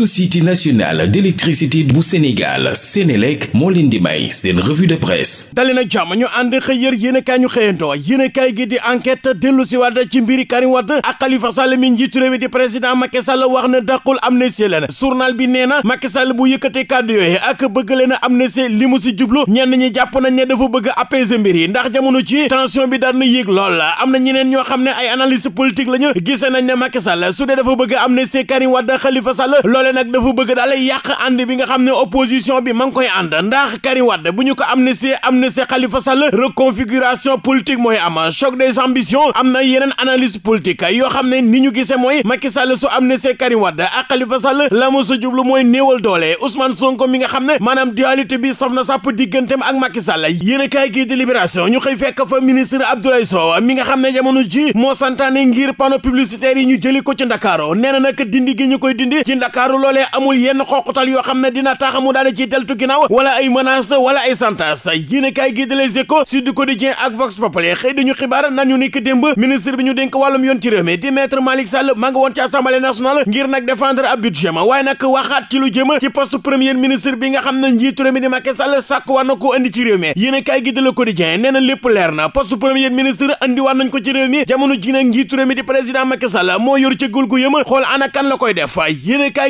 société nationale d'électricité bu Sénégal Sénélec moo leen di may seen revue de presse dali na ñu ànd xëy yër a ñu xëyantoo yéen a kaay gi di enquête dellu si waat ci mbiri Karim Wade ak Khalifa Sall mi njiitu réew di président Macky Sall wax na dàqul amnistie leen journal bi nee na Macky Sall bu yëkkatee kàddu yooyu ak bëgg leen a amnistie si jublu ñenn ñi jàpp nañ ne dafa bëgg apaiser mbir yi ndax jamono ci tension bi daan yéeg lool loolee nag dafa bëgg daal yàq ànd bi nga xam ne opposition bi ma ngi koy ànd ndax Karim Wade bu ñu ko am ne amnistie amnistie Khalifa Sall reconfiguration politique mooy am choc des ambitions am na yeneen analyse politique yoo xam ne ni ñu gisee mooy Macky Sall su amnistie Karim Wade ak Khalifa Sall la mu sa jublu mooy néewal doole Ousmane Sonko mi nga xam ne maanaam dualité bi saf na sàpp digganteem ak Macky Sall yéen a kaay gii di ñu xëy fekk fa ministre Abdoulaye Sow mi nga xam ne jamono ji moo santaane ngir panneau publicitaire yi ñu jëli ko ci Ndakaaru nee na nag ñu koy dindi ci Ndakaaru ndakaaru loolee amul yenn xoqutal yoo xam ne dina tax mu daal di ciy deltu ginnaaw wala ay menaces wala ay santas yéen kaay gi de Les Échos Sud Quotidien ak Vox Populi xëy dañu xibaar nañu ni ki démb ministre bi ñu dénk wàllum yoon ci réew di maître Malick Sall ma nga ci assemblée nationale ngir nag défendre ab budget ma waaye nag waxaat ci ci poste premier ne njiitu réew mi di Macky Sall na ko indi ci réew mi yéen kaay gi de Le leer na poste premier ministre indi war nañ ko ci réew mi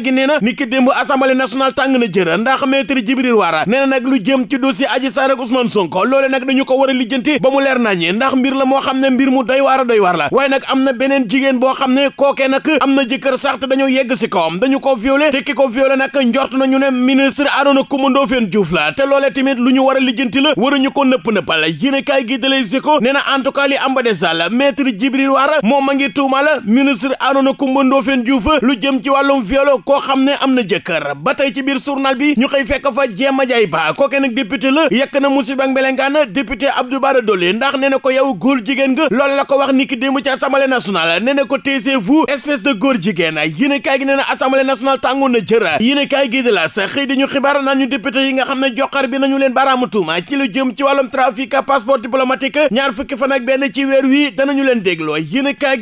ji gi nee na ni ki démb assemblée nationale tàng na jër ndax maître Djibril Wara nee na nag lu jëm ci dossier Adji Sarr ak Sonko loole nag dañu ko war lijjanti ba mu leer naññi ndax mbir la moo xam ne mbir mu doy waar a doy waar la waaye nag am na beneen jigéen boo xam ne kookee nag am na jëkkër sax te dañoo yegg si kawam dañu ko violé te ki ko violé nag njort nañu ne ministre Arona Coumba Ndoffène Diouf la te loolee tamit lu ñu war a lijjanti la waruñu ko nëpp nëppal yéene kaay gi dalee si ko na en tout cas li am ba des la maître Djibril xam ne am na jëkkër ba tey ci biir journal bi ñu xëy fekk fa Jéema Jaay Ba kooke nag député la yekk na musiba ak mbelengaan député Abdou Bara Dolly ndax ne na ko yow góor jigéen nga loolu la ko wax ni ki démb ci assemblée nationale nee na ko taisez-vous espèce de góor jigéen yéen a kaay ne nee na assemblée nationale a kaay gi de la sa xëy di ñu xibaar naan ñu député yi nga xam ne joxar bi nañu leen baaraamu tuuma ci la jëm ci wàllum trafic passeport diplomatique ñaar fukki fan ak benn ci weer wi danañu leen dégloo yéen a kaay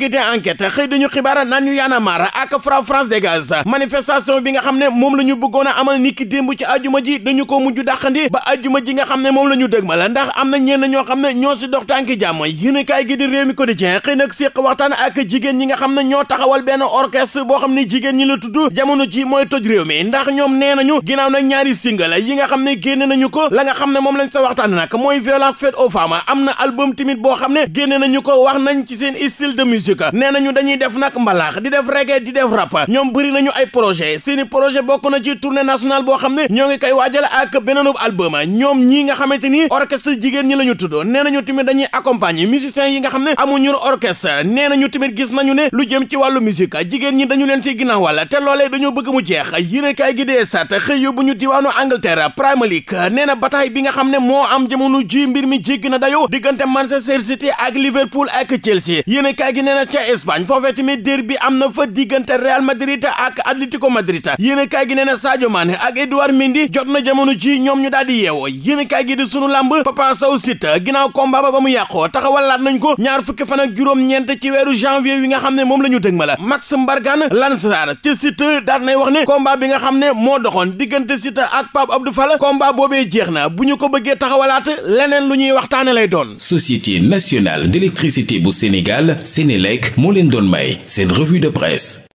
ñu xibaar naan ñu yaana maar ak Fra France Dégage manifeste manifestation bi nga xam ne moom la ñu bëggoon a amal démb ci ajuma ji dañu ko mujj dàqandi ba ajuma ji nga xam ne moom la ñu ma la ndax am na ñenn ñoo xam ne ñoo si dox tànki jàmm yéen kaay gi di réew mi quotidien ñi nga xam ne ñoo taxawal benn orchestre boo xam ne jigéen ñi la tudd jamono ji mooy toj réew mi ndax ñoom nee nañu ginnaaw nag ñaari single yi nga xam ne génne nañu ko la nga xam ne moom lañ sa waxtaan nag mooy violence faite aux femmes am na album timit boo xam ne génne nañu ko wax nañ ci seen style de musique nee nañu dañuy def nag mbalaax di def reggae di def rap ñoom bëri nañu ay projet projet seeni projet bokk na ci tournée nationale boo xam ne ñoo ngi koy waajal ak beneenub album ñoom ñi nga xamante ni orchestre jigéen ñi la ñu tudd nee nañu tamit dañuy accompagner musiciens yi nga xam ne amuñu orchestre nee nañu tamit gis nañu ne lu jëm ci wàllu musique jigéen ñi dañu leen si ginnaaw walla te loolee dañoo bëgg mu jeex yéene kaay gi dee sat xëy yóbbu ñu diwaanu Angleterre Premier nee na bataay bi nga xam ne moo am jamono ji mbir mi jéggi na dayo diggante Manchester City ak Liverpool ak Chelsea yéene kaay gi nee na ca Espagne foofee tamit Atlético Madrid yéen a kaay gi nee na Sadio Mané ak Edouard Mendy jot na jamono ci ñoom ñu daal di yeewoo yéen a kaay gi di sunu làmb Papa Sow Siteu ginnaaw combat ba ba mu yàqoo taxawalaat nañ ko ñaar fukki fan ak juróom-ñeent ci weeru janvier wi nga xam ne moom la ñu dëg ma la Max Mbargane Lansar ci Siteu daal nay wax ne combat bi nga xam ne moo doxoon diggante Siteu ak Pape Abdou Fall combat boobee jeex na bu ñu ko bëggee taxawalaat leneen lu ñuy waxtaane lay doon Société nationale d'électricité bu Sénégal Sénélec moo leen doon may seen revue de presse